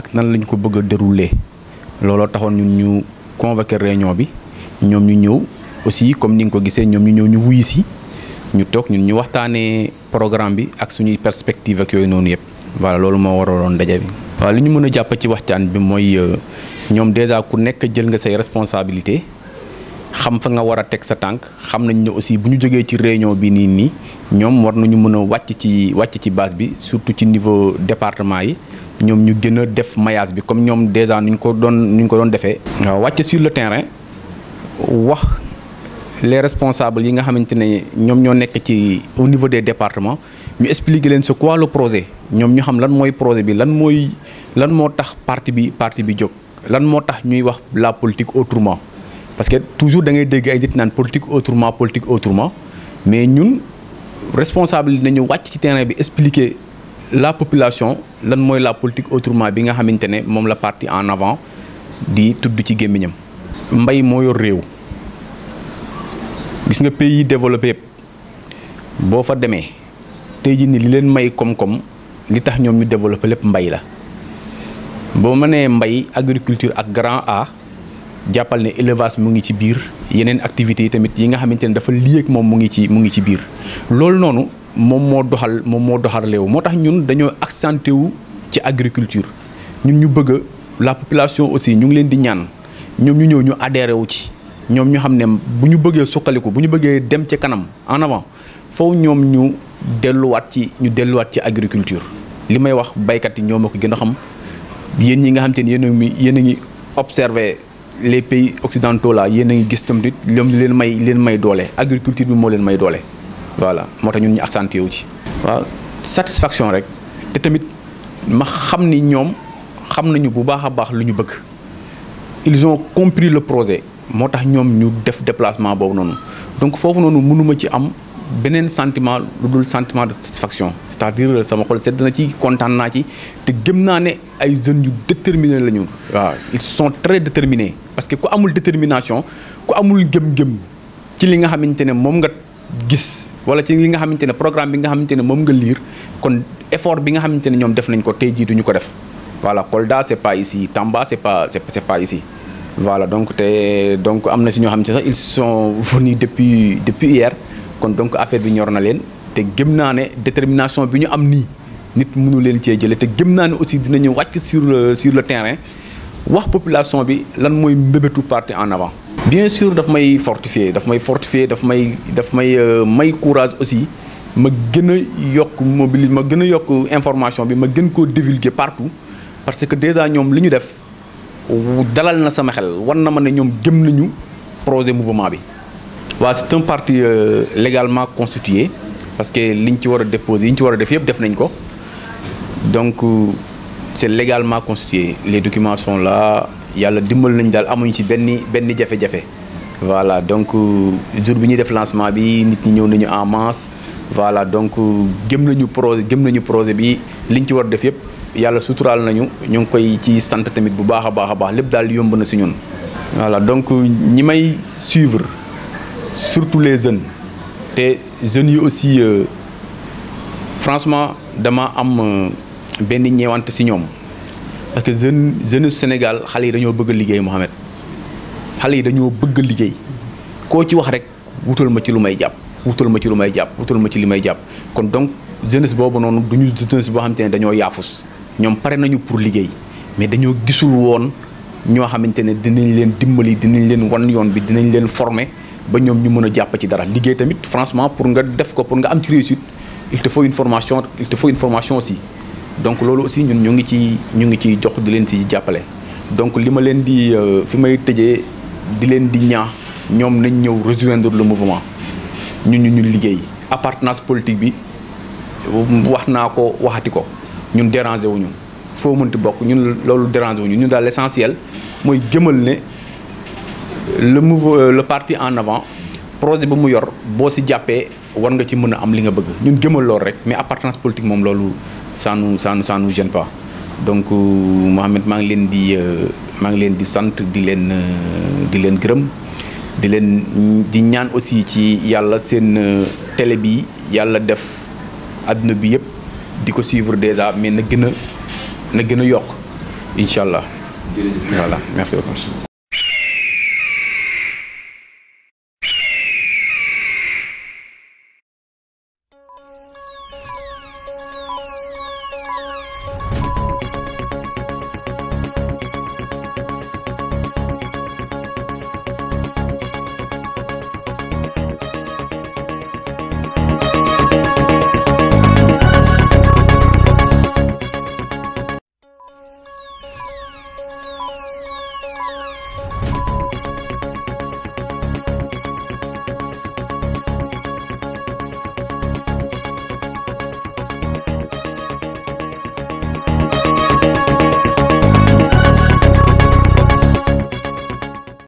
ak nan lañ ko bëgg a dérouler looloo taxoon ñun ñu convoqué réunion bi ñoom ñu ñëw aussi comme ni nga ko gisee ñoom ñu ñëw ñu wuyu si ñu toog ñun ñu waxtaanee programme bi ak suñuy perspective ak yooyu noonu yëpp voilà loolu moo waraloon ndaje bi. waa li ñu mën a jàpp ci waxtaan bi mooy euh, ñoom déjà ku nekk jël nga say responsabilité xam fa nga wara tek sa tank xam nañ aussi buñu joggé ci réunion bi ni ni war nañu mëna surtout niveau département yi ñom ñu gëna comme déjà sur le terrain wax les responsables yi nga ñom ño au niveau des départements ñu expliquer ce qu'est quoi le projet nous ñu xam lan projet bi lan lan parti bi parti bi lan la politique autrement. parce que toujours da ngay dégg ay nit naan politique autrement politique autrement mais ñun responsable nañu wàcc ci terrain bi expliqué la population lan mooy la politique autrement bi nga xamante ne moom la parti en avant di tudd ci gémmiñam mbay moo yor réew gis nga pays développé yëpp boo fa demee tey ji ni li leen may koom-koom li tax ñoom ñu développé lépp mbay la boo ma nee mbay agriculture ak grand A jàppal ne élevage mu ngi ci biir yeneen activités yi tamit yi nga xamante ne dafa lié moom mu ngi ci mu ngi ci biir loolu noonu moom moo doxal moom moo doxal réew moo tax ñun dañoo accenté wu ci agriculture ñun ñu bëgg la population aussi ñu ngi leen di ñaan ñoom ñu ñëw ñu adhéré wu ci ñoom ñu xam ne bu ñu bëggee suqaliku bu ñu bëggee dem ci kanam en avant foofu ñoom ñu delluwaat ci ñu delluwaat ci agriculture li may wax baykat yi ñoo ma ko gën a xam yéen ñi nga xam te ne yéen a ngi yéen a ngi observé les pays occidentaux là yéen a ngi gis tamit ñoom leen may leen may doole agriculture bi mo leen may doole voilà motax ñun ñu accentué wu ci. wa satisfaction rek té tamit ma xamni ñom ñoom xam nañu bu baaxa baax lu ñu bëgg ils ont compris le projet motax ñom ñu def déplacement bobu non donc foofu noonu mënuma ci am benen sentiment lu sentiment de satisfaction c'est-à-dire sama xol sedd na ci content na ci te gëm naa ne ay jeunes yu déterminé lañu waaw ils sont très déterminés parce que ko amul détermination ko amul gem gem ci li nga xamante ne moom nga gis wala ci li nga xamante programme bi nga xamante ne moom nga lire kon effort bi nga xamante ne def nañ ko tey jii duñu ko def voilà Kolda c'est pas ici Tamba c'est pas c'est pas ici voilà donc donc amna si ñoo xamante ils sont venus depuis depuis hier kon donc affaire bi ñor na leen te gëm détermination bi ñu am ni nit mënu leen ci jël té gëm naa ne aussi dinañu wàcc sur le sur le terrain wax population bi lan moy mbébétu parti en avant. bien sûr daf may fortifier daf may fortifier daf may daf may euh, may courage aussi ma gëna yok yokk ma gëna yok information bi ma gën ko divulguer partout parce que déjà ñom li ñu def dalal na sama xel war na ma ne ñoom nañu projet mouvement bi waaw c'est un parti euh, légalement constitué parce que liñ ci war a déposé yi ñu ci war def yëpp def nañ ko donc euh, c'est légalement constitué les documents sont là yàlla dimbal nañ daal amuñ ci benn benn jafé jafé. voilà donc euh, jour bi ñuy def lancement bi nit ñi ñëw nañu en masse voilà donc gem nañu projet gem nañu projet bi liñ ci war a def yëpp yàlla soutural nañu ñu koy ci sant tamit bu baaxa baaxa baax lepp dal yomb na si ñun voilà donc ñi may suivre surtout les jeunes te jeunes yu aussi euh, franchement dama am euh, benn ñeewante si ñoom parce que jeune jeunes Sénégal xale yi dañoo bëgg liggéey Mohamed xale yi dañoo bëgg liggéey koo ci wax rek wutal ma ci lu may jàpp wutal ma ci lu may jàpp wutal ma ci li may jàpp kon donc jeunesse boobu noonu du ñu jeunesse boo xamante ne dañoo yaafus ñoom pare nañu pour liggéey mais dañoo gisul woon ñoo xamante ne dinañ leen dimbali dinañ leen wan yoon bi dinañ leen former ba ñoom ñu mën a ci dara liggéey tamit franchement pour nga def ko pour nga am ci réussite il te faut une formation il te faut une formation aussi donc lolo aussi ñun ñu ngi ci ñu ngi ci jox di leen ci jappalé donc lima ma leen di euh, fi may tëjee di leen di ñaax ñom nañ ñëw rejoindre le mouvement ñun ñu ñu liggéey appartenance politique bi wax naa ko waxati ko ñun déranger wuñu foo mënti bok ñun lolu déranger wuñu ñun dal l'essentiel moy gëmal ne le mouvement euh, le parti en avant projet de mu yor si jàppee war nga ci am li mais appartenance politique ça nous ça nous ça nous gêne pas donc euh, Mohamed maa dit, leen di euh, maa leen di sant di leen di leen gërëm di leen di ñaan aussi ci yàlla y télé bi def àdduna bi déjà mais na y a na York. Inch'Allah. voilà merci beaucoup.